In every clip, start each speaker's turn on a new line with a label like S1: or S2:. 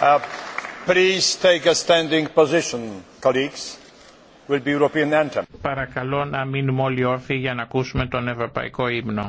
S1: Uh, please take a standing position, colleagues. Will be European anthem. Παρακαλώ να μείνουμε όλοι όρθιοι για να ακούσουμε τον Ευρωπαϊκό ύμνο.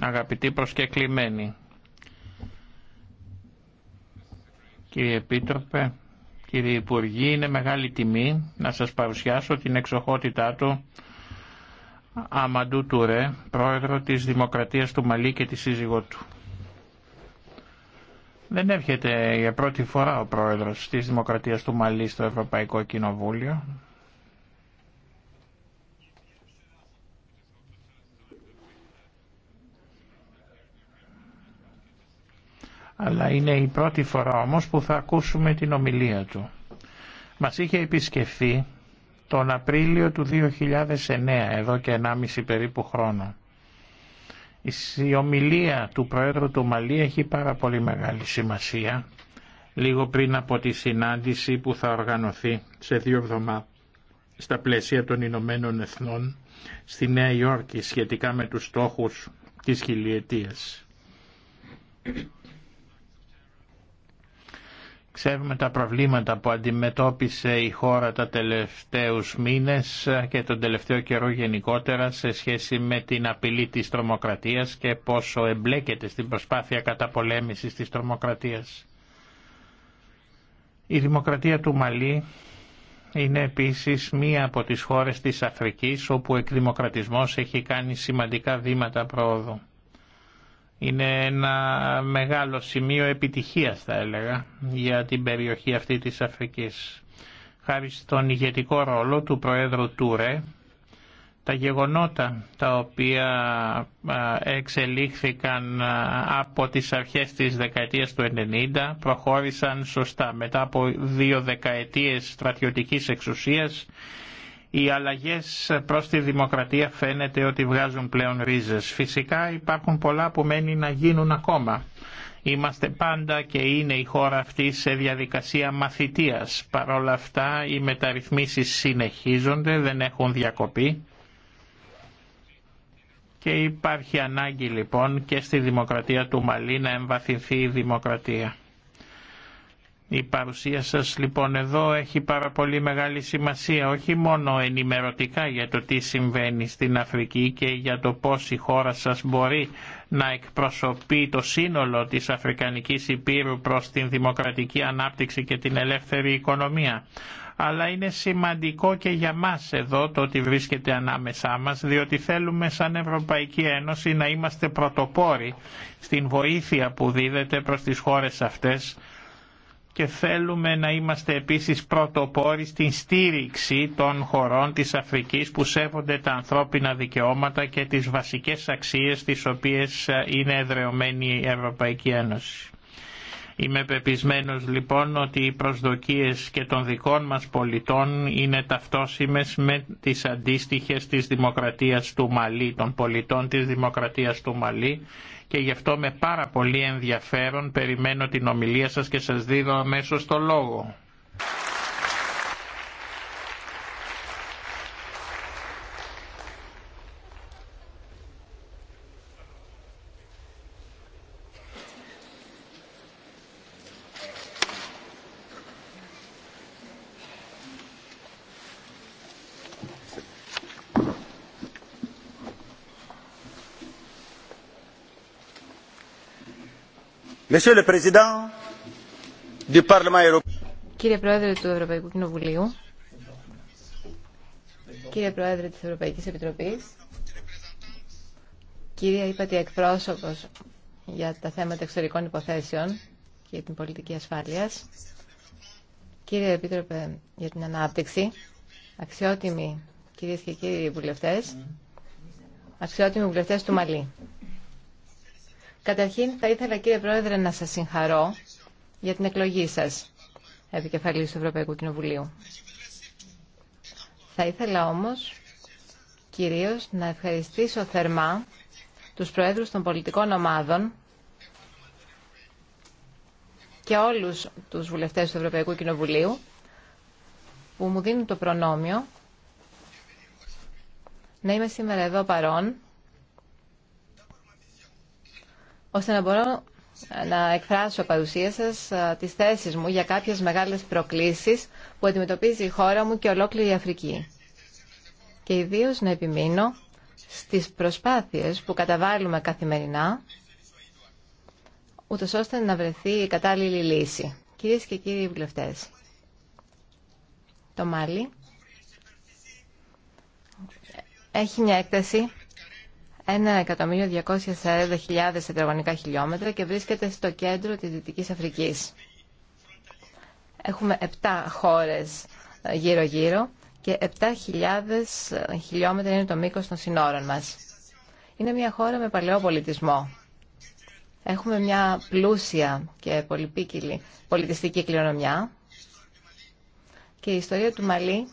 S1: Αγαπητοί προσκεκλημένοι, κύριε Επίτροπε, κύριε Υπουργοί, είναι μεγάλη τιμή να σας παρουσιάσω την εξοχότητά του Αμαντού Τουρέ, πρόεδρο της Δημοκρατίας του Μαλή και τη σύζυγό του. Δεν έρχεται για πρώτη φορά ο πρόεδρος της Δημοκρατίας του Μαλή στο Ευρωπαϊκό Κοινοβούλιο, αλλά είναι η πρώτη φορά όμως που θα ακούσουμε την ομιλία του. Μας είχε επισκεφθεί τον Απρίλιο του 2009, εδώ και 1,5 περίπου χρόνο. Η ομιλία του Πρόεδρου του Μαλή έχει πάρα πολύ μεγάλη σημασία, λίγο πριν από τη συνάντηση που θα οργανωθεί σε δύο εβδομάδες στα πλαίσια των Ηνωμένων Εθνών στη Νέα Υόρκη σχετικά με τους στόχους της χιλιετίας. Ξέρουμε τα προβλήματα που αντιμετώπισε η χώρα τα τελευταίους μήνες και τον τελευταίο καιρό γενικότερα σε σχέση με την απειλή της τρομοκρατίας και πόσο εμπλέκεται στην προσπάθεια καταπολέμησης της τρομοκρατίας. Η δημοκρατία του Μαλή είναι επίσης μία από τις χώρες της Αφρικής όπου ο εκδημοκρατισμός έχει κάνει σημαντικά βήματα πρόοδου είναι ένα μεγάλο σημείο επιτυχίας θα έλεγα για την περιοχή αυτή της Αφρικής. Χάρη στον ηγετικό ρόλο του Προέδρου Τούρε, τα γεγονότα τα οποία εξελίχθηκαν από τις αρχές της δεκαετίας του 90 προχώρησαν σωστά μετά από δύο δεκαετίες στρατιωτικής εξουσίας οι αλλαγές προς τη δημοκρατία φαίνεται ότι βγάζουν πλέον ρίζες. Φυσικά υπάρχουν πολλά που μένει να γίνουν ακόμα. Είμαστε πάντα και είναι η χώρα αυτή σε διαδικασία μαθητείας. Παρ' όλα αυτά οι μεταρρυθμίσεις συνεχίζονται, δεν έχουν διακοπή και υπάρχει ανάγκη λοιπόν και στη δημοκρατία του Μαλή να εμβαθυνθεί η δημοκρατία. Η παρουσία σας λοιπόν εδώ έχει πάρα πολύ μεγάλη σημασία όχι μόνο ενημερωτικά για το τι συμβαίνει στην Αφρική και για το πώς η χώρα σας μπορεί να εκπροσωπεί το σύνολο της Αφρικανικής Υπήρου προς την δημοκρατική ανάπτυξη και την ελεύθερη οικονομία αλλά είναι σημαντικό και για μας εδώ το ότι βρίσκεται ανάμεσά μας, διότι θέλουμε σαν Ευρωπαϊκή Ένωση να είμαστε πρωτοπόροι στην βοήθεια που δίδεται προς τις χώρες αυτές, και θέλουμε να είμαστε επίσης πρωτοπόροι στην στήριξη των χωρών της Αφρικής που σέβονται τα ανθρώπινα δικαιώματα και τις βασικές αξίες τις οποίες ε, είναι εδρεωμένη η Ευρωπαϊκή Ένωση. Είμαι πεπισμένος λοιπόν ότι οι προσδοκίες και των δικών μας πολιτών είναι ταυτόσιμες με τις αντίστοιχες της Δημοκρατίας του Μαλή, των πολιτών της Δημοκρατίας του Μαλή και γι' αυτό με πάρα πολύ ενδιαφέρον περιμένω την ομιλία σας και σας δίδω αμέσως το λόγο. Κύριε
S2: Πρόεδρε του Ευρωπαϊκού Κοινοβουλίου, κύριε Πρόεδρε της Ευρωπαϊκής Επιτροπής, κύριε Υπατή εκπρόσωπος για τα θέματα εξωτερικών υποθέσεων και την πολιτική ασφάλειας, κύριε Επίτροπε για την Ανάπτυξη, αξιότιμοι κυρίες και κύριοι βουλευτές, αξιότιμοι βουλευτές του Μαλή. Καταρχήν θα ήθελα κύριε Πρόεδρε να σας συγχαρώ για την εκλογή σας επικεφαλής του Ευρωπαϊκού Κοινοβουλίου. Θα ήθελα όμως κυρίως να ευχαριστήσω θερμά τους Προέδρους των πολιτικών ομάδων και όλους τους βουλευτές του Ευρωπαϊκού Κοινοβουλίου που μου δίνουν το προνόμιο να είμαι σήμερα εδώ παρόν ώστε να μπορώ ε, να εκφράσω παρουσία σα ε, τι θέσει μου για κάποιες μεγάλες προκλήσει που αντιμετωπίζει η χώρα μου και ολόκληρη η Αφρική. Και ιδίως να επιμείνω στις προσπάθειες που καταβάλουμε καθημερινά, ούτω ώστε να βρεθεί η κατάλληλη λύση. Κυρίες και κύριοι βουλευτές, το Μάλι έχει μια έκταση 1.240.000 τετραγωνικά χιλιόμετρα και βρίσκεται στο κέντρο της Δυτικής Αφρικής. Έχουμε 7 χώρες ε, γύρω-γύρω και 7.000 ε, χιλιόμετρα είναι το μήκος των συνόρων μας. Είναι μια χώρα με παλαιό πολιτισμό. Έχουμε μια πλούσια και πολυπίκυλη πολιτιστική κληρονομιά και η ιστορία του Μαλή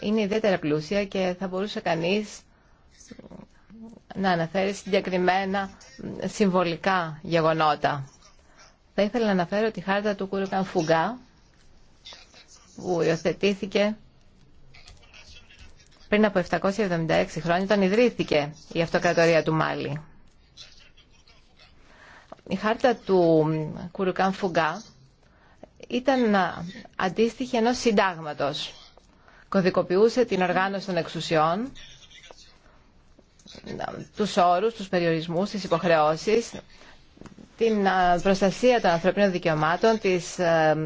S2: είναι ιδιαίτερα πλούσια και θα μπορούσε κανείς να αναφέρει συγκεκριμένα συμβολικά γεγονότα. Θα ήθελα να αναφέρω τη χάρτα του Κούρουκαν Φουγκά που υιοθετήθηκε πριν από 776 χρόνια όταν ιδρύθηκε η αυτοκρατορία του Μάλι. Η χάρτα του Κουρουκάν Φουγκά ήταν αντίστοιχη ενός συντάγματος. Κωδικοποιούσε την οργάνωση των εξουσιών τους όρους, τους περιορισμούς, τις υποχρεώσεις, την προστασία των ανθρωπίνων δικαιωμάτων, της ε,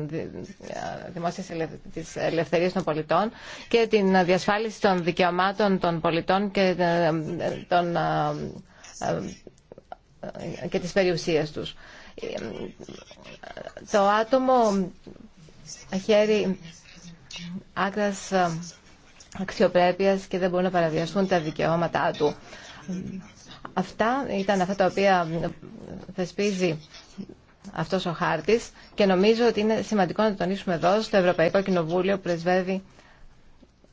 S2: ε, δημόσιας της ελευθερίας των πολιτών και την διασφάλιση των δικαιωμάτων των πολιτών και, ε, των, και της περιουσίας τους. Το άτομο χέρι άκρας αξιοπρέπειας και δεν μπορούν να παραβιαστούν τα δικαιώματά του. Αυτά ήταν αυτά τα οποία θεσπίζει αυτός ο χάρτης και νομίζω ότι είναι σημαντικό να τονίσουμε εδώ στο Ευρωπαϊκό Κοινοβούλιο που πρεσβεύει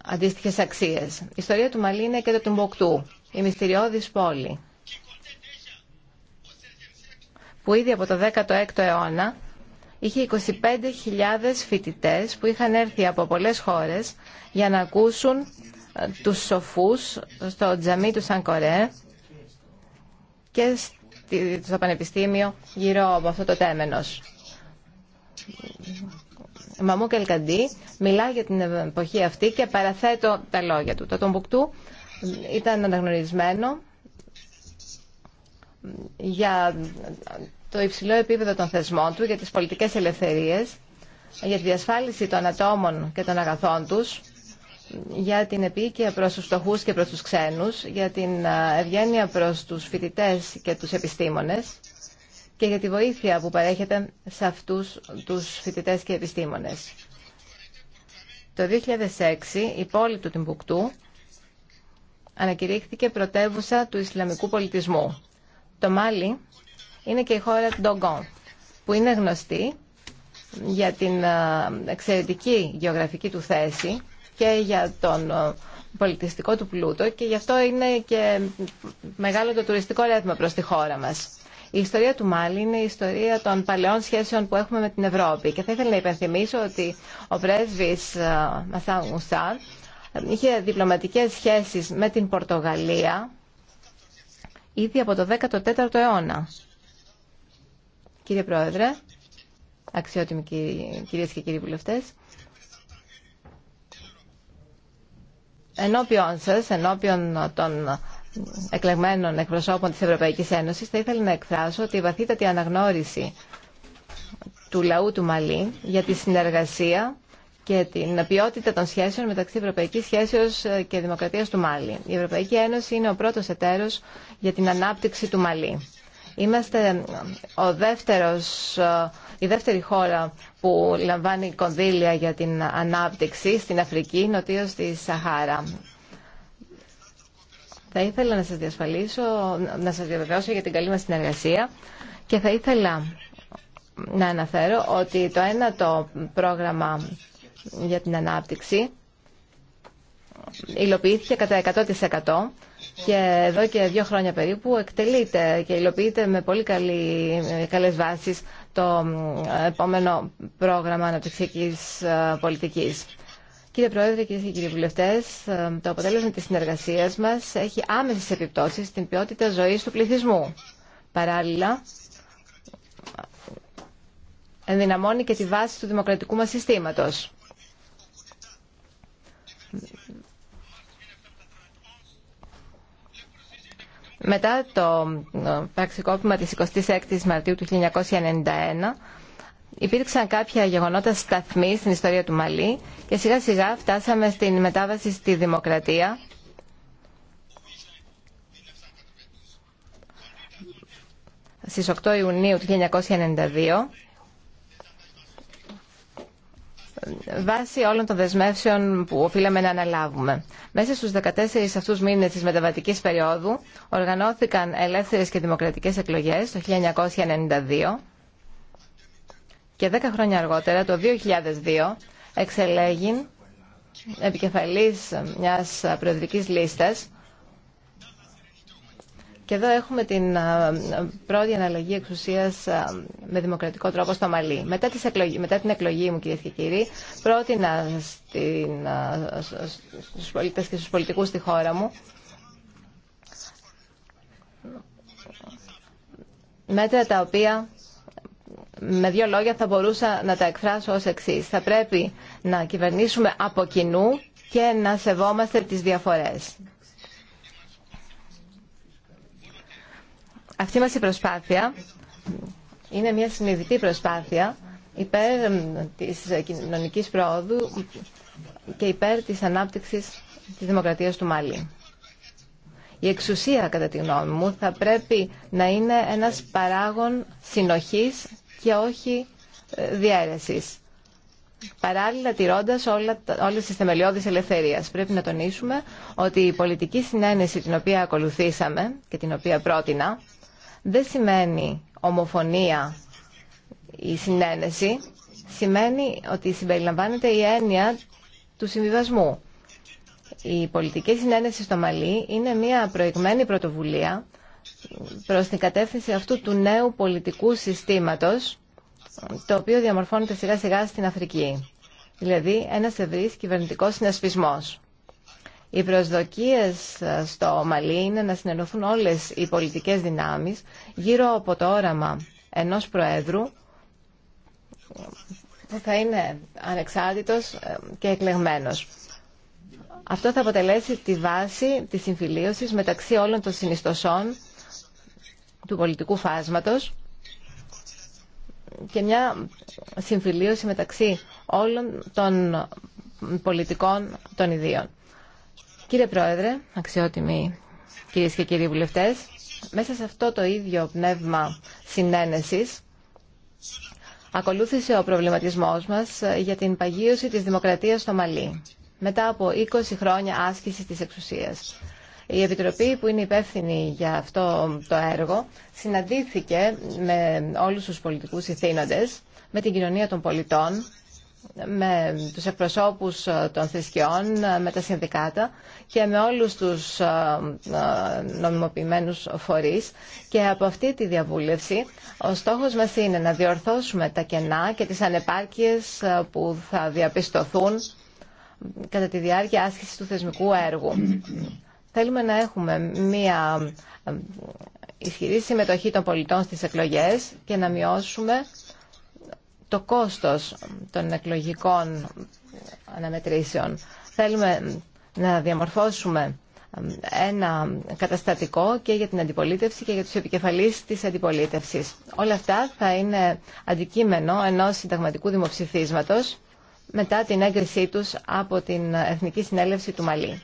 S2: αντίστοιχε αξίες. Η ιστορία του Μαλή είναι και το Τουμποκτού, η μυστηριώδης πόλη που ήδη από το 16ο αιώνα είχε 25.000 φοιτητές που είχαν έρθει από πολλές χώρες για να ακούσουν ε, τους σοφούς στο τζαμί του Σαν Κορέ και στο Πανεπιστήμιο γύρω από αυτό το τέμενος. Μαμού Καλκαντή μιλά για την εποχή αυτή και παραθέτω τα λόγια του. Το Τομπουκτού ήταν αναγνωρισμένο για το υψηλό επίπεδο των θεσμών του, για τις πολιτικές ελευθερίες, για τη διασφάλιση των ατόμων και των αγαθών τους, για την επίκαια προς τους φτωχούς και προς τους ξένους, για την ευγένεια προς τους φοιτητές και τους επιστήμονες και για τη βοήθεια που παρέχεται σε αυτούς τους φοιτητές και επιστήμονες. Το 2006 η πόλη του Τιμπουκτού ανακηρύχθηκε πρωτεύουσα του Ισλαμικού πολιτισμού. Το Μάλι είναι και η χώρα Ντογκόν, που είναι γνωστή για την ε, εξαιρετική γεωγραφική του θέση και για τον ε, πολιτιστικό του πλούτο και γι' αυτό είναι και μεγάλο το τουριστικό ρεύμα προς τη χώρα μας. Η ιστορία του Μάλι είναι η ιστορία των παλαιών σχέσεων που έχουμε με την Ευρώπη και θα ήθελα να υπενθυμίσω ότι ο πρέσβης Μασάν ε, Μουσά είχε διπλωματικές σχέσεις με την Πορτογαλία ήδη από το 14ο αιώνα. Κύριε Πρόεδρε, αξιότιμοι κυρίες και κύριοι βουλευτές, ενώπιον σας, ενώπιον των εκλεγμένων εκπροσώπων της Ευρωπαϊκής Ένωσης, θα ήθελα να εκφράσω τη βαθύτατη αναγνώριση του λαού του Μαλή για τη συνεργασία και την ποιότητα των σχέσεων μεταξύ Ευρωπαϊκής Σχέσεως και Δημοκρατίας του Μάλι. Η Ευρωπαϊκή Ένωση είναι ο πρώτος εταίρος για την ανάπτυξη του Μαλή. Είμαστε ε, ο δεύτερος, ε, η δεύτερη χώρα που λαμβάνει κονδύλια για την ανάπτυξη στην Αφρική, νοτίως στη Σαχάρα. Θα ήθελα να σας διασφαλίσω, να σας διαβεβαιώσω για την καλή μας συνεργασία και θα ήθελα να αναφέρω ότι το ένα το πρόγραμμα για την ανάπτυξη υλοποιήθηκε κατά 100% και εδώ και δύο χρόνια περίπου εκτελείται και υλοποιείται με πολύ καλή, καλές βάσεις το επόμενο πρόγραμμα αναπτυξιακής ε, πολιτικής. Κύριε Πρόεδρε, κυρίε και κύριοι βουλευτέ, ε, το αποτέλεσμα τη συνεργασία μα έχει άμεσε επιπτώσει στην ποιότητα ζωή του πληθυσμού. Παράλληλα, ενδυναμώνει και τη βάση του δημοκρατικού μα συστήματο. Μετά το ε, πραξικόπημα της 26ης Μαρτίου του 1991 υπήρξαν κάποια γεγονότα σταθμή στην ιστορία του Μαλή και σιγά σιγά φτάσαμε στην μετάβαση στη δημοκρατία στις 8 Ιουνίου του 1992 βάσει όλων των δεσμεύσεων που οφείλαμε να αναλάβουμε. Μέσα στους 14 αυτούς μήνες της μεταβατικής περίοδου οργανώθηκαν ελεύθερες και δημοκρατικές εκλογές το 1992 και 10 χρόνια αργότερα, το 2002, εξελέγην επικεφαλής μιας προεδρικής λίστας και εδώ έχουμε την πρώτη αναλογή εξουσίας με δημοκρατικό τρόπο στο Μαλί. Μετά, τις μετά την εκλογή μου, κυρίε και κύριοι, πρότεινα στους και στου πολιτικούς στη χώρα μου μέτρα τα οποία με δύο λόγια θα μπορούσα να τα εκφράσω ως εξής. Θα πρέπει να κυβερνήσουμε από κοινού και να σεβόμαστε τις διαφορές. Αυτή μας η προσπάθεια είναι μια συνειδητή προσπάθεια υπέρ της κοινωνικής πρόοδου και υπέρ της ανάπτυξης της δημοκρατίας του Μάλι. Η εξουσία, κατά τη γνώμη μου, θα πρέπει να είναι ένας παράγον συνοχής και όχι ε, διαίρεσης. Παράλληλα τηρώντας όλα, όλες τις θεμελιώδεις ελευθερίας. Πρέπει να τονίσουμε ότι η πολιτική συνένεση την οποία ακολουθήσαμε και την οποία πρότεινα δεν σημαίνει ομοφωνία η συνένεση, σημαίνει ότι συμπεριλαμβάνεται η έννοια του συμβιβασμού. Η πολιτική συνένεση στο Μαλί είναι μια προηγμένη πρωτοβουλία προς την κατεύθυνση αυτού του νέου πολιτικού συστήματος το οποίο διαμορφώνεται σιγά σιγά στην Αφρική. Δηλαδή ένας ευρύς κυβερνητικός συνασπισμός. Οι προσδοκίες ε, στο Μαλί είναι να συνενωθούν όλες οι πολιτικές δυνάμεις γύρω από το όραμα ενός Προέδρου που θα είναι ανεξάρτητος ε, και εκλεγμένος. Αυτό θα αποτελέσει τη βάση της συμφιλίωσης μεταξύ όλων των συνιστοσών του πολιτικού φάσματος και μια συμφιλίωση μεταξύ όλων των πολιτικών των ιδίων. Κύριε Πρόεδρε, αξιότιμοι κυρίες και κύριοι βουλευτές, μέσα σε αυτό το ίδιο πνεύμα συνένεσης, ακολούθησε ο προβληματισμός μας για την παγίωση της δημοκρατίας στο Μαλί, μετά από 20 χρόνια άσκησης της εξουσίας. Η Επιτροπή που είναι υπεύθυνη για αυτό το έργο συναντήθηκε με όλους τους πολιτικούς ηθήνοντες, με την κοινωνία των πολιτών, με τους εκπροσώπους ε, των θρησκειών, ε, με τα συνδικάτα και με όλους τους ε, νομιμοποιημένους φορείς και από αυτή τη διαβούλευση ο στόχος μας είναι να διορθώσουμε τα κενά και τις ανεπάρκειες που θα διαπιστωθούν κατά τη διάρκεια άσκησης του θεσμικού έργου. Θέλουμε να έχουμε μία ισχυρή συμμετοχή των πολιτών στις εκλογές και να μειώσουμε το κόστος των εκλογικών αναμετρήσεων. Θέλουμε να διαμορφώσουμε ένα καταστατικό και για την αντιπολίτευση και για τους επικεφαλείς της αντιπολίτευσης. Όλα αυτά θα είναι αντικείμενο ενός συνταγματικού δημοψηφίσματος μετά την έγκρισή τους από την Εθνική Συνέλευση του Μαλή.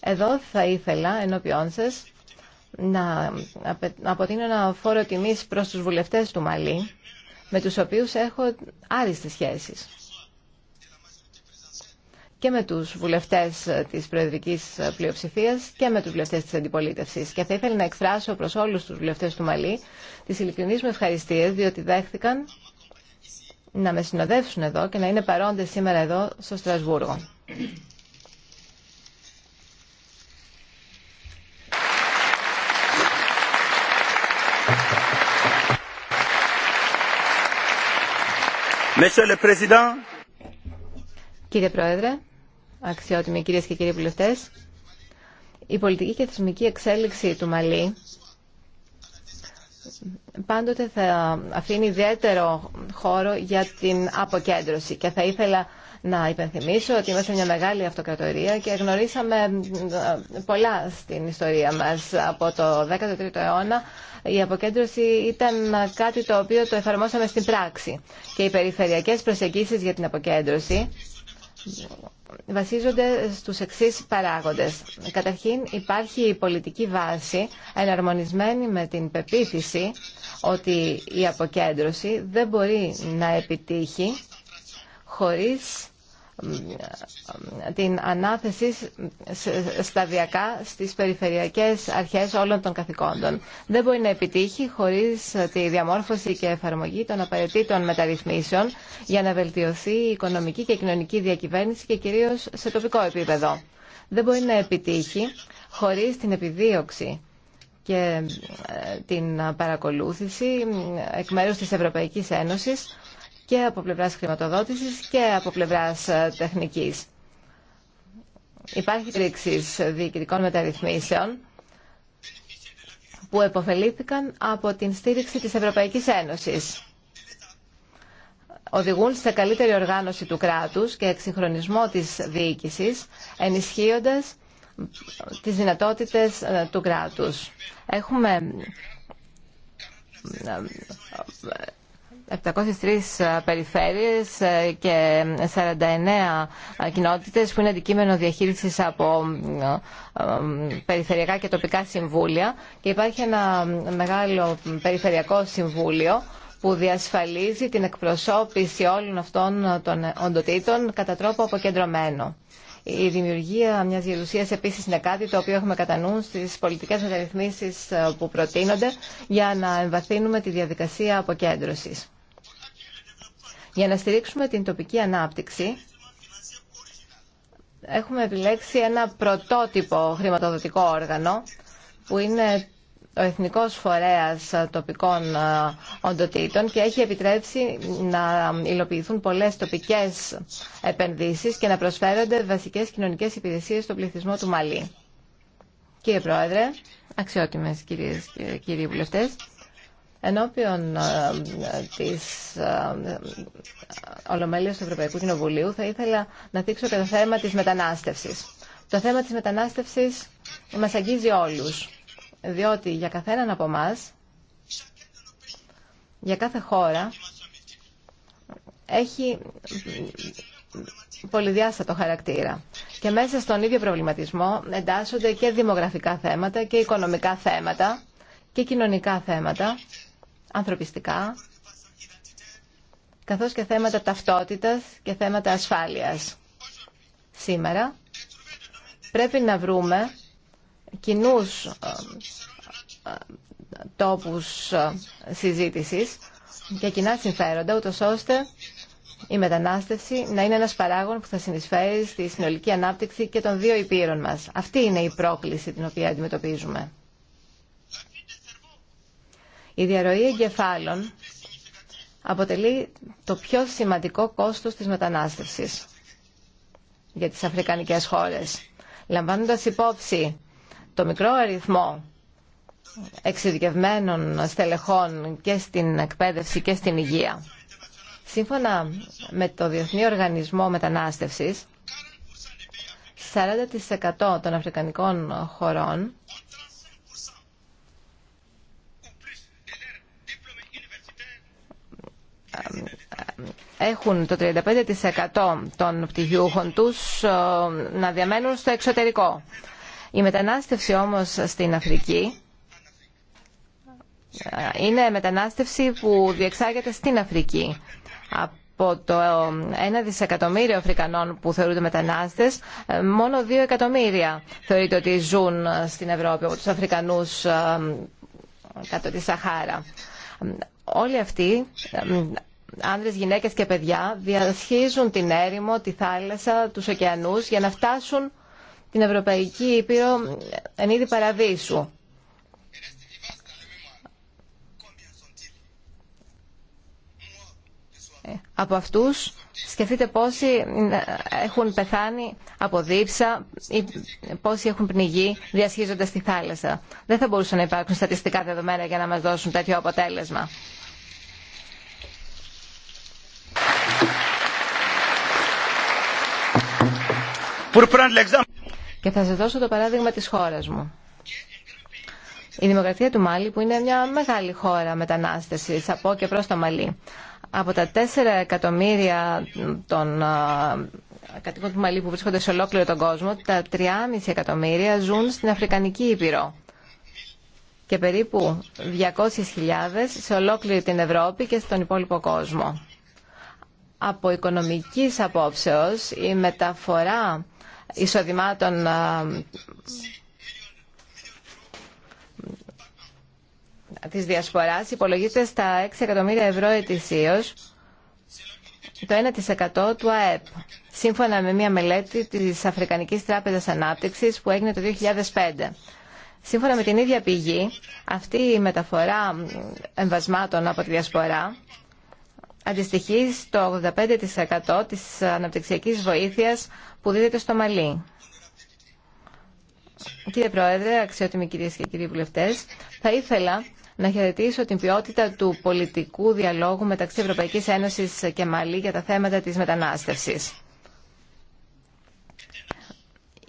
S2: Εδώ θα ήθελα ενώπιόν σας να αποτείνω ένα φόρο τιμή προς τους βουλευτές του Μαλή, με τους οποίους έχω άριστες σχέσεις. Και με τους βουλευτές της προεδρικής πλειοψηφίας και με τους βουλευτές της αντιπολίτευσης. Και θα ήθελα να εκφράσω προς όλους τους βουλευτές του Μαλή τις ειλικρινείς μου ευχαριστίες, διότι δέχθηκαν να με συνοδεύσουν εδώ και να είναι παρόντες σήμερα εδώ στο Στρασβούργο. Κύριε Πρόεδρε, αξιότιμοι κύριε και κύριοι βουλευτέ, η πολιτική και θεσμική εξέλιξη του Μαλή πάντοτε θα αφήνει ιδιαίτερο χώρο για την αποκέντρωση και θα ήθελα να υπενθυμίσω ότι είμαστε μια μεγάλη αυτοκρατορία και γνωρίσαμε ε, πολλά στην ιστορία μας. Από το 13ο αιώνα η αποκέντρωση ήταν κάτι το οποίο το εφαρμόσαμε στην πράξη. Και οι περιφερειακές προσεγγίσεις για την αποκέντρωση βασίζονται στους εξής παράγοντες. Καταρχήν υπάρχει η πολιτική βάση εναρμονισμένη με την πεποίθηση ότι η αποκέντρωση δεν μπορεί να επιτύχει χωρίς την ανάθεση σταδιακά στις περιφερειακές αρχές όλων των καθηκόντων. Δεν μπορεί να επιτύχει χωρίς τη διαμόρφωση και εφαρμογή των απαραίτητων μεταρρυθμίσεων για να βελτιωθεί η οικονομική και κοινωνική διακυβέρνηση και κυρίως σε τοπικό επίπεδο. Δεν μπορεί να επιτύχει χωρίς την επιδίωξη και ε, την παρακολούθηση ε, εκ μέρους της Ευρωπαϊκής Ένωσης και από πλευράς χρηματοδότησης και από πλευράς ε, τεχνικής. Υπάρχει τρίξης διοικητικών μεταρρυθμίσεων που επωφελήθηκαν από την στήριξη της Ευρωπαϊκής Ένωσης. Οδηγούν σε καλύτερη οργάνωση του κράτους και εξυγχρονισμό της διοίκησης, ενισχύοντας τις δυνατότητες ε, του κράτους. Έχουμε ε, 703 ε, περιφέρειες ε, και 49 ε, κοινότητες που είναι αντικείμενο διαχείρισης από περιφερειακά και τοπικά συμβούλια και υπάρχει ένα μεγάλο περιφερειακό συμβούλιο που διασφαλίζει την εκπροσώπηση όλων αυτών των οντοτήτων κατά τρόπο αποκεντρωμένο. Η δημιουργία μια γερουσία επίση είναι κάτι το οποίο έχουμε κατά νου στι πολιτικέ μεταρρυθμίσει που προτείνονται για να εμβαθύνουμε τη διαδικασία αποκέντρωση. Για να στηρίξουμε την τοπική ανάπτυξη, έχουμε επιλέξει ένα πρωτότυπο χρηματοδοτικό όργανο, που είναι ο Εθνικός Φορέας Τοπικών ε, Οντοτήτων και έχει επιτρέψει να υλοποιηθούν πολλές τοπικές επενδύσεις και να προσφέρονται βασικές κοινωνικές υπηρεσίες στον πληθυσμό του Μαλή. Κύριε Πρόεδρε, αξιότιμες κυρίες και κύριοι βουλευτές, Ενώπιον ε, της ε, Ολομέλειας του Ευρωπαϊκού Κοινοβουλίου θα ήθελα να δείξω και το θέμα της μετανάστευσης. Το θέμα της μετανάστευσης μας αγγίζει όλους, διότι για καθέναν από εμά, για κάθε χώρα, έχει πολυδιάστατο χαρακτήρα. Και μέσα στον ίδιο προβληματισμό εντάσσονται και δημογραφικά θέματα και οικονομικά θέματα και κοινωνικά θέματα ανθρωπιστικά, καθώς και θέματα ταυτότητας και θέματα ασφάλειας. Σήμερα πρέπει να βρούμε κοινού ε, ε, τόπους ε, συζήτησης και κοινά συμφέροντα, ούτως ώστε η μετανάστευση να είναι ένας παράγων που θα συνεισφέρει στη συνολική ανάπτυξη και των δύο υπήρων μας. Αυτή είναι η πρόκληση την οποία αντιμετωπίζουμε. Η διαρροή εγκεφάλων αποτελεί το πιο σημαντικό κόστος της μετανάστευσης για τις αφρικανικές χώρες. Λαμβάνοντας υπόψη το μικρό αριθμό εξειδικευμένων στελεχών και στην εκπαίδευση και στην υγεία. Σύμφωνα με το Διεθνή Οργανισμό Μετανάστευσης, 40% των αφρικανικών χωρών Ε, ε, έχουν το 35% των πτυχιούχων τους ε, να διαμένουν στο εξωτερικό. Η μετανάστευση όμως στην Αφρική είναι μετανάστευση που διεξάγεται στην Αφρική. Από το 1 δισεκατομμύριο Αφρικανών που θεωρούνται μετανάστες, μόνο 2 εκατομμύρια θεωρείται ότι ζουν στην Ευρώπη από τους Αφρικανούς κάτω τη Σαχάρα όλοι αυτοί, άνδρες, γυναίκες και παιδιά, διασχίζουν την έρημο, τη θάλασσα, τους ωκεανούς για να φτάσουν την Ευρωπαϊκή Ήπειρο εν είδη παραδείσου. από αυτούς σκεφτείτε πόσοι έχουν πεθάνει από δίψα ή πόσοι έχουν πνιγεί διασχίζοντας τη θάλασσα. Δεν θα μπορούσαν να υπάρχουν στατιστικά δεδομένα για να μας δώσουν τέτοιο αποτέλεσμα. Και θα σας δώσω το παράδειγμα της χώρας μου. Η Δημοκρατία του Μάλι, που είναι μια μεγάλη χώρα μετανάστευση από και προς το Μαλί από τα 4 εκατομμύρια των κατοίκων του Μαλή που βρίσκονται σε ολόκληρο τον κόσμο, τα 3,5 εκατομμύρια ζουν στην Αφρικανική Ήπειρο και περίπου 200.000 σε ολόκληρη την Ευρώπη και στον υπόλοιπο κόσμο. Από οικονομικής απόψεως, η μεταφορά εισοδημάτων της διασποράς υπολογίζεται στα 6 εκατομμύρια ευρώ ετησίως, το 1% του ΑΕΠ, σύμφωνα με μια μελέτη της Αφρικανικής Τράπεζας Ανάπτυξης που έγινε το 2005. Σύμφωνα με την ίδια πηγή, αυτή η μεταφορά εμβασμάτων από τη διασπορά αντιστοιχεί στο 85% της αναπτυξιακής βοήθειας που δίδεται στο Μαλί. Κύριε Πρόεδρε, αξιότιμοι κυρίες και κύριοι βουλευτές, θα ήθελα να χαιρετήσω την ποιότητα του πολιτικού διαλόγου μεταξύ Ευρωπαϊκής Ένωσης και Μαλή για τα θέματα της μετανάστευσης.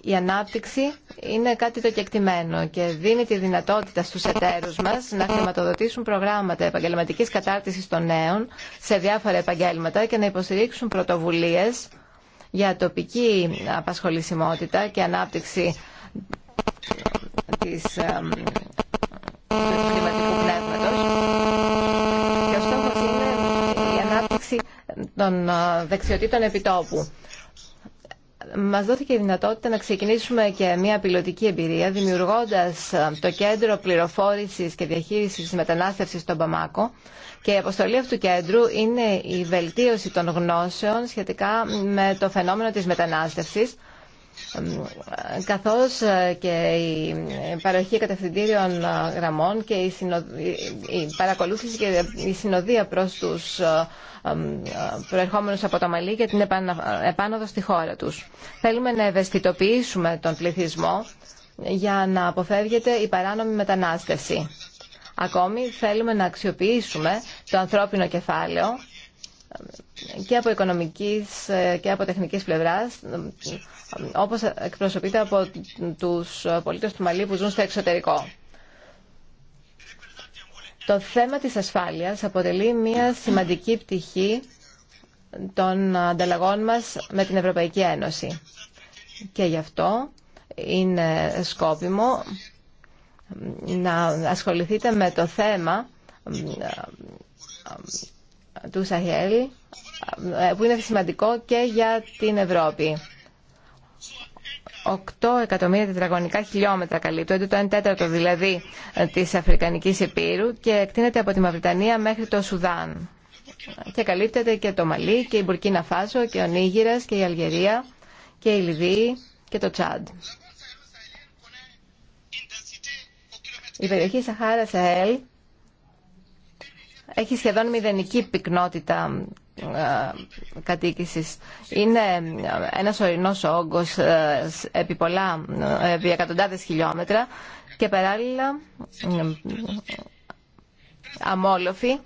S2: Η ανάπτυξη είναι κάτι το κεκτημένο και δίνει τη δυνατότητα στους εταίρους μας να χρηματοδοτήσουν προγράμματα επαγγελματικής κατάρτισης των νέων σε διάφορα επαγγέλματα και να υποστηρίξουν πρωτοβουλίες για τοπική απασχολησιμότητα και ανάπτυξη της των ε, δεξιοτήτων επιτόπου. μα δόθηκε η δυνατότητα να ξεκινήσουμε και μια πιλωτική εμπειρία δημιουργώντας ε, το Κέντρο πληροφόρηση και Διαχείρισης μετανάστευση στον Παμάκο και η αποστολή αυτού του κέντρου είναι η βελτίωση των γνώσεων σχετικά με το φαινόμενο της μετανάστευσης καθώς ε, και η παροχή κατευθυντήριων ε, γραμμών και η, παρακολούθηση και η συνοδεία προς τους ε, προερχόμενους από το Μαλί για την επάνωδο στη χώρα τους. Θέλουμε να ευαισθητοποιήσουμε τον πληθυσμό για να αποφεύγεται η παράνομη μετανάστευση. Ακόμη θέλουμε να αξιοποιήσουμε το ανθρώπινο κεφάλαιο και από οικονομικής και από τεχνικής πλευράς όπως εκπροσωπείται από τους πολίτες του Μαλή που ζουν στο εξωτερικό. Το θέμα της ασφάλειας αποτελεί μια σημαντική πτυχή των ανταλλαγών μας με την Ευρωπαϊκή Ένωση. Και γι' αυτό είναι σκόπιμο να ασχοληθείτε με το θέμα ε, του Σαχέλ ε, που είναι σημαντικό και για την Ευρώπη. 8 εκατομμύρια τετραγωνικά χιλιόμετρα καλύπτονται, το 1 τέταρτο δηλαδή ε, της Αφρικανικής Επίρου και εκτείνεται από τη Μαυριτανία μέχρι το Σουδάν. Και καλύπτεται και το Μαλί και η Μπουρκίνα Φάσο και ο Νίγηρας και η Αλγερία και η Λιβύη και το Τσάντ. Η περιοχή Σαχάρα Σαέλ έχει σχεδόν μηδενική πυκνότητα ε, κατοίκησης. Είναι ένας ορεινός όγκος ε, επί, πολλά, ε, επί εκατοντάδες χιλιόμετρα και παράλληλα αμόλοφοι,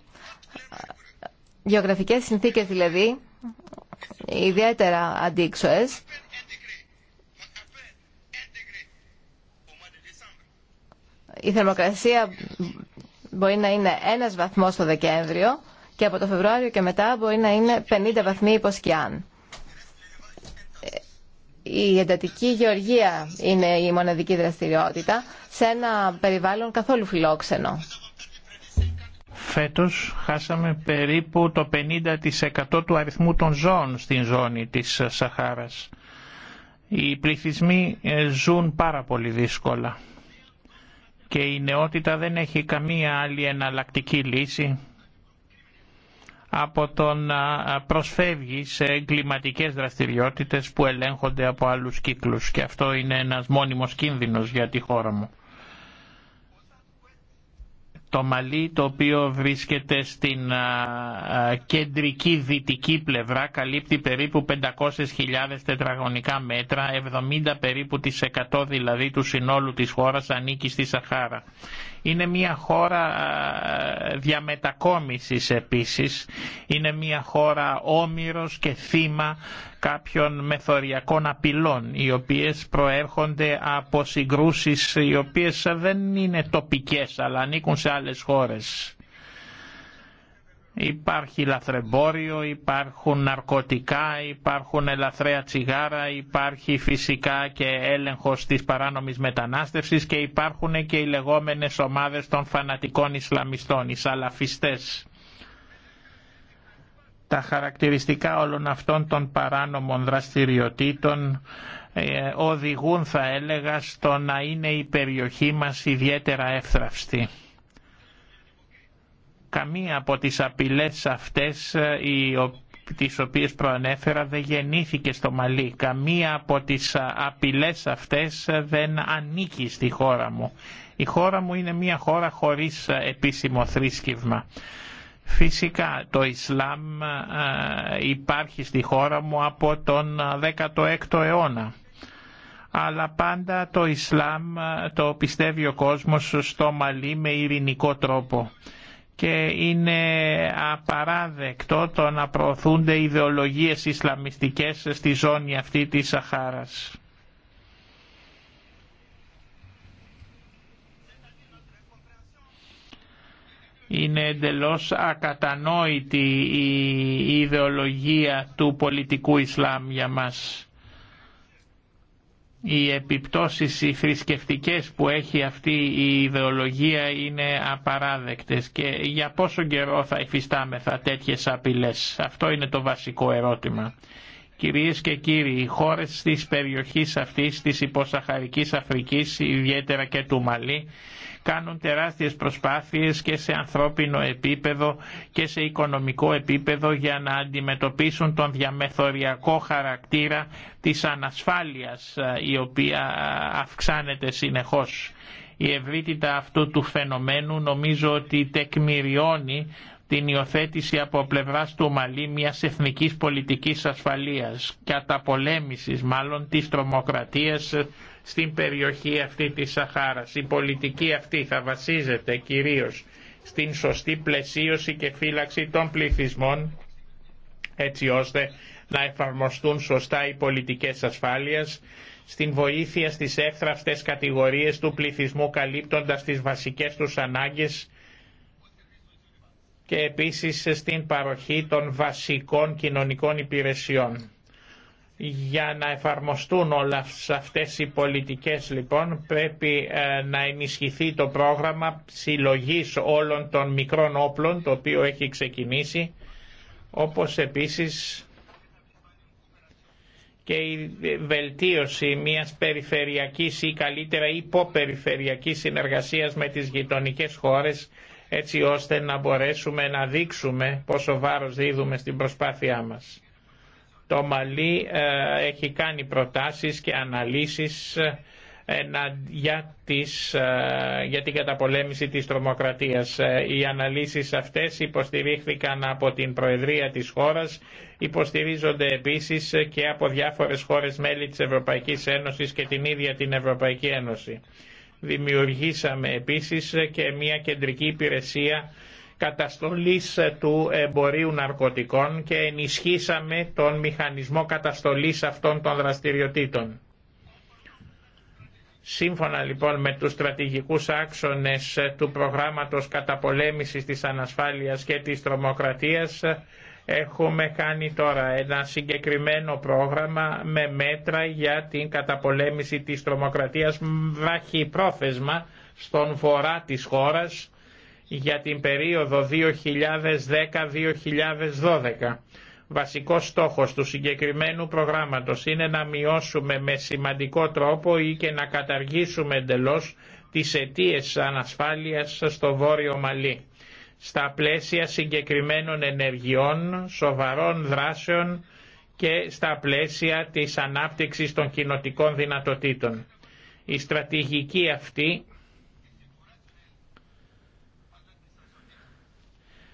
S2: γεωγραφικές συνθήκες δηλαδή, ιδιαίτερα αντίξωες, η θερμοκρασία μπορεί να είναι ένας βαθμός το Δεκέμβριο και από το Φεβρουάριο και μετά μπορεί να είναι 50 βαθμοί υποσκιάν. Η εντατική γεωργία είναι η μοναδική δραστηριότητα σε ένα περιβάλλον καθόλου φιλόξενο.
S1: Φέτος χάσαμε περίπου το 50% του αριθμού των ζώων στην ζώνη της Σαχάρας. Οι πληθυσμοί ε, ζουν πάρα πολύ δύσκολα και η νεότητα δεν έχει καμία άλλη εναλλακτική λύση από το να προσφεύγει σε εγκληματικές δραστηριότητες που ελέγχονται από άλλους κύκλους και αυτό είναι ένας μόνιμος κίνδυνος για τη χώρα μου το Μαλί το οποίο βρίσκεται στην κεντρική δυτική πλευρά καλύπτει περίπου 500.000 τετραγωνικά μέτρα, 70 περίπου της 100 δηλαδή του συνόλου της χώρας ανήκει στη Σαχάρα. Είναι μια χώρα διαμετακόμισης επίσης, είναι μια χώρα όμοιρος και θύμα κάποιων μεθοριακών απειλών οι οποίες προέρχονται από συγκρούσεις οι οποίες δεν είναι τοπικές αλλά ανήκουν σε άλλες χώρες. Υπάρχει λαθρεμπόριο, υπάρχουν ναρκωτικά, υπάρχουν ελαθρέα τσιγάρα, υπάρχει φυσικά και έλεγχος της παράνομης μετανάστευσης και υπάρχουν και οι λεγόμενες ομάδες των φανατικών Ισλαμιστών, οι σαλαφιστές τα χαρακτηριστικά όλων αυτών των παράνομων δραστηριοτήτων ε, οδηγούν θα έλεγα στο να είναι η περιοχή μας ιδιαίτερα εύθραυστη. Καμία από τις απειλές αυτές ε, οι τις οποίες προανέφερα δεν γεννήθηκε στο Μαλί. Καμία από τις ε, απειλές αυτές δεν ανήκει στη χώρα μου. Η χώρα μου είναι μια χώρα χωρίς επίσημο θρήσκευμα. Φυσικά το Ισλάμ ε, υπάρχει στη χώρα μου από τον 16ο αιώνα αλλά πάντα το Ισλάμ ε, το πιστεύει ο κόσμος στο Μαλί με ειρηνικό τρόπο και είναι απαράδεκτο το να προωθούνται ιδεολογίες Ισλαμιστικές στη ζώνη αυτή της Σαχάρας. είναι εντελώς ακατανόητη η ιδεολογία του πολιτικού Ισλάμ για μας. Οι επιπτώσεις οι θρησκευτικές που έχει αυτή η ιδεολογία είναι απαράδεκτες και για πόσο καιρό θα υφιστάμεθα τέτοιες απειλές. Αυτό είναι το βασικό ερώτημα. Κυρίες και κύριοι, οι χώρες της περιοχής αυτής της υποσαχαρικής Αφρικής, ιδιαίτερα και του Μαλή, κάνουν τεράστιες προσπάθειες και σε ανθρώπινο επίπεδο και σε οικονομικό επίπεδο για να αντιμετωπίσουν τον διαμεθοριακό χαρακτήρα της ανασφάλειας η οποία αυξάνεται συνεχώς. Η ευρύτητα αυτού του φαινομένου νομίζω ότι τεκμηριώνει την υιοθέτηση από πλευράς του Μαλή μιας εθνικής πολιτικής ασφαλείας, καταπολέμηση μάλλον της τρομοκρατίας στην περιοχή αυτή της σαχάρα. Η πολιτική αυτή θα βασίζεται κυρίω στην σωστή πλαισίωση και φύλαξη των πληθυσμών έτσι ώστε να εφαρμοστούν σωστά οι πολιτικές ασφάλειας, στην βοήθεια στις εύθραυστες κατηγορίες του πληθυσμού καλύπτοντας τις βασικές τους ανάγκες και επίσης στην παροχή των βασικών κοινωνικών υπηρεσιών. Για να εφαρμοστούν όλα αυτές οι πολιτικές λοιπόν πρέπει ε, να ενισχυθεί το πρόγραμμα συλλογής όλων των μικρών όπλων το οποίο έχει ξεκινήσει όπως επίσης και η βελτίωση μιας περιφερειακής ή καλύτερα υποπεριφερειακής συνεργασίας με τις γειτονικές χώρες έτσι ώστε να μπορέσουμε να δείξουμε πόσο βάρος δίδουμε στην προσπάθειά μας. Το Μαλί ε, έχει κάνει προτάσεις και αναλύσεις ε, για, τις, ε, για την καταπολέμηση της τρομοκρατίας. Οι αναλύσεις αυτές υποστηρίχθηκαν από την Προεδρία της χώρας, υποστηρίζονται επίσης και από διάφορες χώρες μέλη της Ευρωπαϊκής Ένωσης και την ίδια την Ευρωπαϊκή Ένωση. Δημιουργήσαμε επίσης και μια κεντρική υπηρεσία καταστολής του εμπορίου ναρκωτικών και ενισχύσαμε τον μηχανισμό καταστολής αυτών των δραστηριοτήτων. Σύμφωνα λοιπόν με τους στρατηγικούς άξονες του προγράμματος καταπολέμησης της ανασφάλειας και της τρομοκρατίας, Έχουμε κάνει τώρα ένα συγκεκριμένο πρόγραμμα με μέτρα για την καταπολέμηση της τρομοκρατίας βαχυπρόθεσμα στον φορά της χώρας για την περίοδο 2010-2012. Βασικός στόχος του συγκεκριμένου προγράμματος είναι να μειώσουμε με σημαντικό τρόπο ή και να καταργήσουμε εντελώς τις αιτίες ανασφάλειας στο Βόρειο Μαλί στα πλαίσια συγκεκριμένων ενεργειών, σοβαρών δράσεων και στα πλαίσια της ανάπτυξης των κοινοτικών δυνατοτήτων. Η στρατηγική αυτή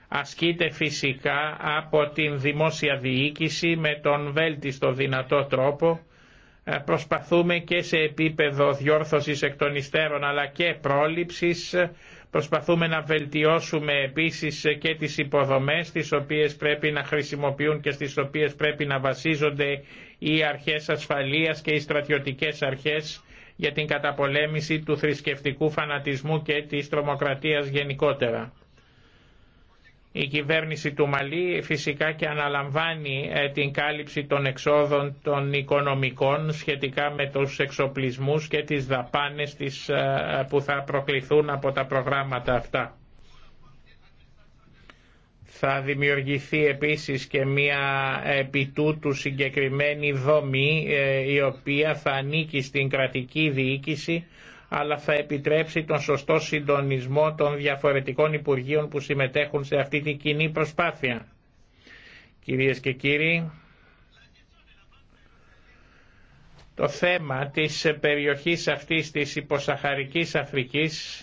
S1: ασκείται φυσικά από την δημόσια διοίκηση με τον βέλτιστο δυνατό τρόπο. Ε, προσπαθούμε και σε επίπεδο διόρθωσης εκ των υστέρων αλλά και πρόληψης Προσπαθούμε να βελτιώσουμε επίσης και τις υποδομές τις οποίες πρέπει να χρησιμοποιούν και στις οποίες πρέπει να βασίζονται οι αρχές ασφαλείας και οι στρατιωτικές αρχές για την καταπολέμηση του θρησκευτικού φανατισμού και της τρομοκρατίας γενικότερα. Η κυβέρνηση του Μαλή φυσικά και αναλαμβάνει ε, την κάλυψη των εξόδων των οικονομικών σχετικά με τους εξοπλισμούς και τις δαπάνες ε, που θα προκληθούν από τα προγράμματα αυτά. Θα δημιουργηθεί επίσης και μια επιτούτου συγκεκριμένη δομή ε, η οποία θα ανήκει στην κρατική διοίκηση αλλά θα επιτρέψει τον σωστό συντονισμό των διαφορετικών Υπουργείων που συμμετέχουν σε αυτή την κοινή προσπάθεια. Κυρίες και κύριοι, το θέμα της περιοχής αυτής της υποσαχαρικής Αφρικής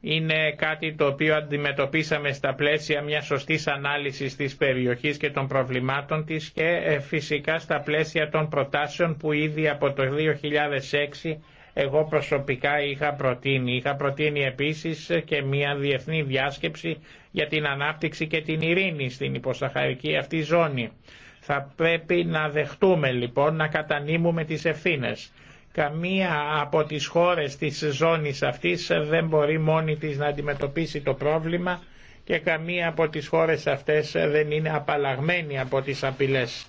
S1: είναι κάτι το οποίο αντιμετωπίσαμε στα πλαίσια μια σωστής ανάλυσης της περιοχής και των προβλημάτων της και ε, φυσικά στα πλαίσια των προτάσεων που ήδη από το 2006 εγώ προσωπικά είχα προτείνει, είχα προτείνει επίσης και μια διεθνή διάσκεψη για την ανάπτυξη και την ειρήνη στην υποσαχαρική αυτή ζώνη. Θα πρέπει να δεχτούμε λοιπόν να κατανείμουμε τις ευθύνε. Καμία από τις χώρες της ζώνης αυτής δεν μπορεί μόνη της να αντιμετωπίσει το πρόβλημα και καμία από τις χώρες αυτές δεν είναι απαλλαγμένη από τις απειλές.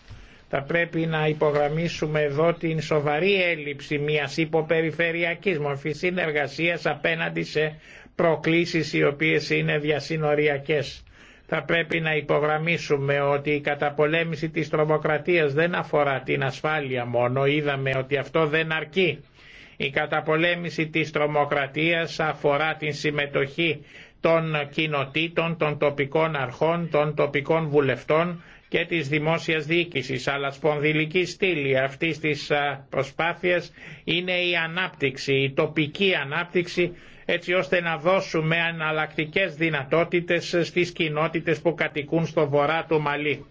S1: Θα πρέπει να υπογραμμίσουμε εδώ την σοβαρή έλλειψη μιας υποπεριφερειακής μορφής συνεργασίας απέναντι σε προκλήσεις οι οποίες είναι διασυνοριακές. Θα πρέπει να υπογραμμίσουμε ότι η καταπολέμηση της τρομοκρατίας δεν αφορά την ασφάλεια μόνο, είδαμε ότι αυτό δεν αρκεί. Η καταπολέμηση της τρομοκρατίας αφορά την συμμετοχή των κοινοτήτων, των τοπικών αρχών, των τοπικών βουλευτών και της δημόσιας διοίκησης, αλλά σπονδυλική στήλη αυτής της προσπάθειας είναι η ανάπτυξη, η τοπική ανάπτυξη, έτσι ώστε να δώσουμε αναλλακτικέ δυνατότητες στις κοινότητες που κατοικούν στο βορρά του Μαλή.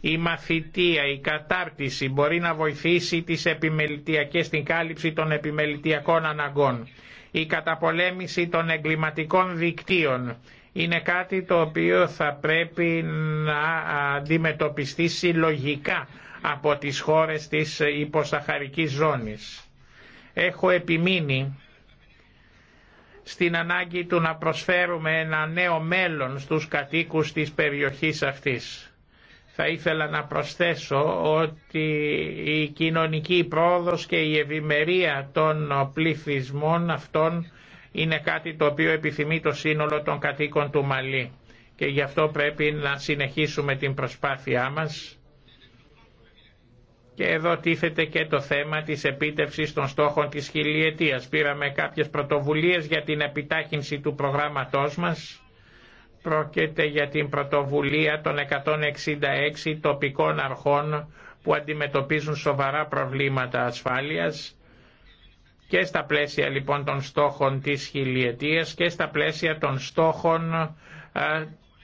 S1: Η μαθητεία, η κατάρτιση μπορεί να βοηθήσει τις επιμελητιακές στην κάλυψη των επιμελητιακών αναγκών. Η καταπολέμηση των εγκληματικών δικτύων, είναι κάτι το οποίο θα πρέπει να αντιμετωπιστεί συλλογικά από τις χώρες της υποσαχαρικής ζώνης. Έχω επιμείνει στην ανάγκη του να προσφέρουμε ένα νέο μέλλον στους κατοίκους της περιοχής αυτής. Θα ήθελα να προσθέσω ότι η κοινωνική πρόοδος και η ευημερία των πληθυσμών αυτών είναι κάτι το οποίο επιθυμεί το σύνολο των κατοίκων του Μαλή και γι' αυτό πρέπει να συνεχίσουμε την προσπάθειά μας και εδώ τίθεται και το θέμα της επίτευξης των στόχων της χιλιετίας. Πήραμε κάποιες πρωτοβουλίες για την επιτάχυνση του προγράμματός μας. Πρόκειται για την πρωτοβουλία των 166 τοπικών αρχών που αντιμετωπίζουν σοβαρά προβλήματα ασφάλειας και στα πλαίσια λοιπόν των στόχων της χιλιετίας και στα πλαίσια των στόχων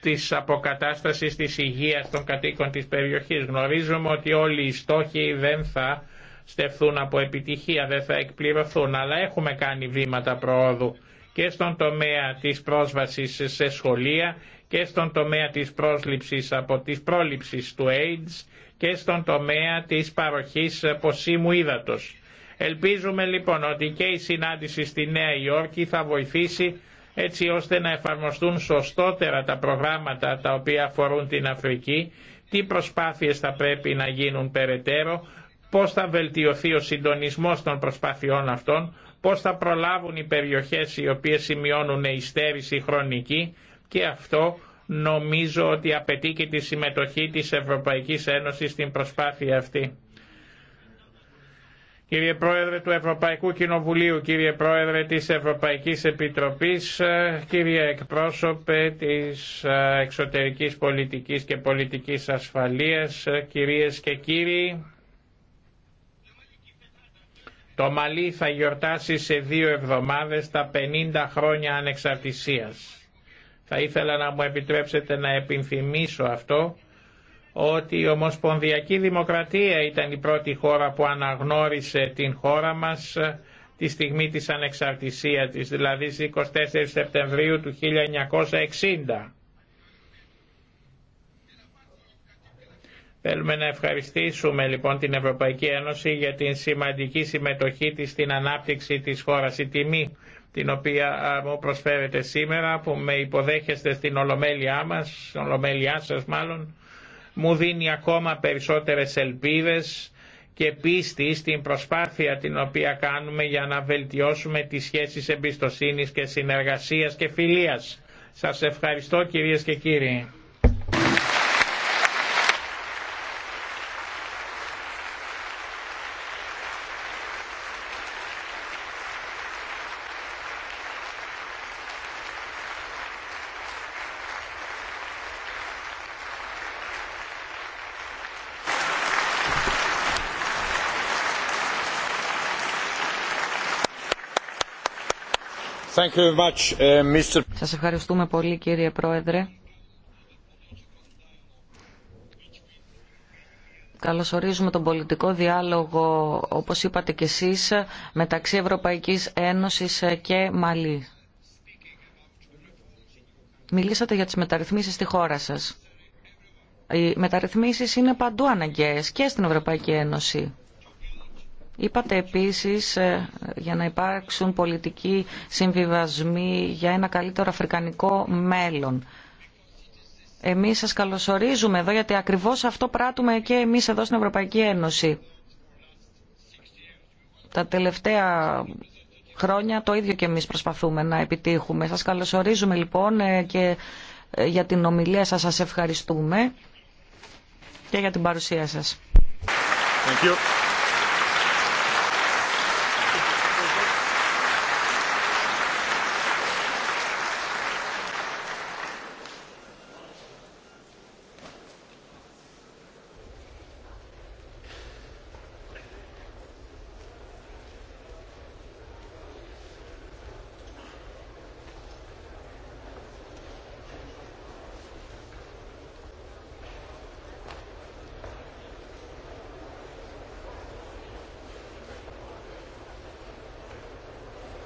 S1: της αποκατάστασης της υγείας των κατοίκων της περιοχής. Γνωρίζουμε ότι όλοι οι στόχοι δεν θα στεφθούν από επιτυχία, δεν θα εκπληρωθούν, αλλά έχουμε κάνει βήματα προόδου και στον τομέα της πρόσβασης σε σχολεία και στον τομέα της πρόσληψης από τις πρόληψης του AIDS και στον τομέα της παροχής ποσίμου ύδατος. Ελπίζουμε λοιπόν ότι και η συνάντηση στη Νέα Υόρκη θα βοηθήσει έτσι ώστε να εφαρμοστούν σωστότερα τα προγράμματα τα οποία αφορούν την Αφρική, τι προσπάθειες θα πρέπει να γίνουν περαιτέρω, πώς θα βελτιωθεί ο συντονισμός των προσπάθειών αυτών, πώς θα προλάβουν οι περιοχές οι οποίες σημειώνουν ειστέρηση χρονική και αυτό νομίζω ότι απαιτεί και τη συμμετοχή της Ευρωπαϊκής Ένωσης στην προσπάθεια αυτή. Κύριε Πρόεδρε του Ευρωπαϊκού Κοινοβουλίου, κύριε Πρόεδρε της Ευρωπαϊκής Επιτροπής, ε, κύριε εκπρόσωπε της ε, εξωτερικής πολιτικής και πολιτικής ασφαλείας, ε, κυρίες και κύριοι, το Μαλί θα γιορτάσει σε δύο εβδομάδες τα 50 χρόνια ανεξαρτησίας. Θα ήθελα να μου επιτρέψετε να επιθυμίσω αυτό ότι η Ομοσπονδιακή Δημοκρατία ήταν η πρώτη χώρα που αναγνώρισε την χώρα μας ε, τη στιγμή της ανεξαρτησίας της, δηλαδή στις 24 Σεπτεμβρίου του 1960. Θέλουμε να ευχαριστήσουμε λοιπόν την Ευρωπαϊκή Ένωση για την σημαντική συμμετοχή της στην ανάπτυξη της χώρας. Η τιμή την οποία μου προσφέρετε σήμερα που με υποδέχεστε στην Ολομέλειά μας, Ολομέλειά σας μάλλον, μου δίνει ακόμα περισσότερες ελπίδες και πίστη στην προσπάθεια την οποία κάνουμε για να βελτιώσουμε τις σχέσεις εμπιστοσύνης και συνεργασίας και φιλίας. Σας ευχαριστώ κυρίες και κύριοι. Uh, σας
S2: ευχαριστούμε πολύ κύριε Πρόεδρε. Καλωσορίζουμε τον πολιτικό διάλογο, όπως είπατε κι εσείς, μεταξύ Ευρωπαϊκής Ένωσης και Μαλή. Μιλήσατε για τις μεταρρυθμίσεις στη χώρα σας. Οι μεταρρυθμίσεις είναι παντού αναγκαίες και στην Ευρωπαϊκή Ένωση. Είπατε επίσης ε, για να υπάρξουν πολιτικοί συμβιβασμοί για ένα καλύτερο αφρικανικό μέλλον. Εμείς σας καλωσορίζουμε εδώ γιατί ακριβώς αυτό πράττουμε και εμείς εδώ στην Ευρωπαϊκή Ένωση. Τα τελευταία χρόνια το ίδιο και εμείς προσπαθούμε να επιτύχουμε. Σας καλωσορίζουμε λοιπόν ε, και ε, για την ομιλία σας σας ευχαριστούμε
S1: και για την παρουσία σας.
S2: Thank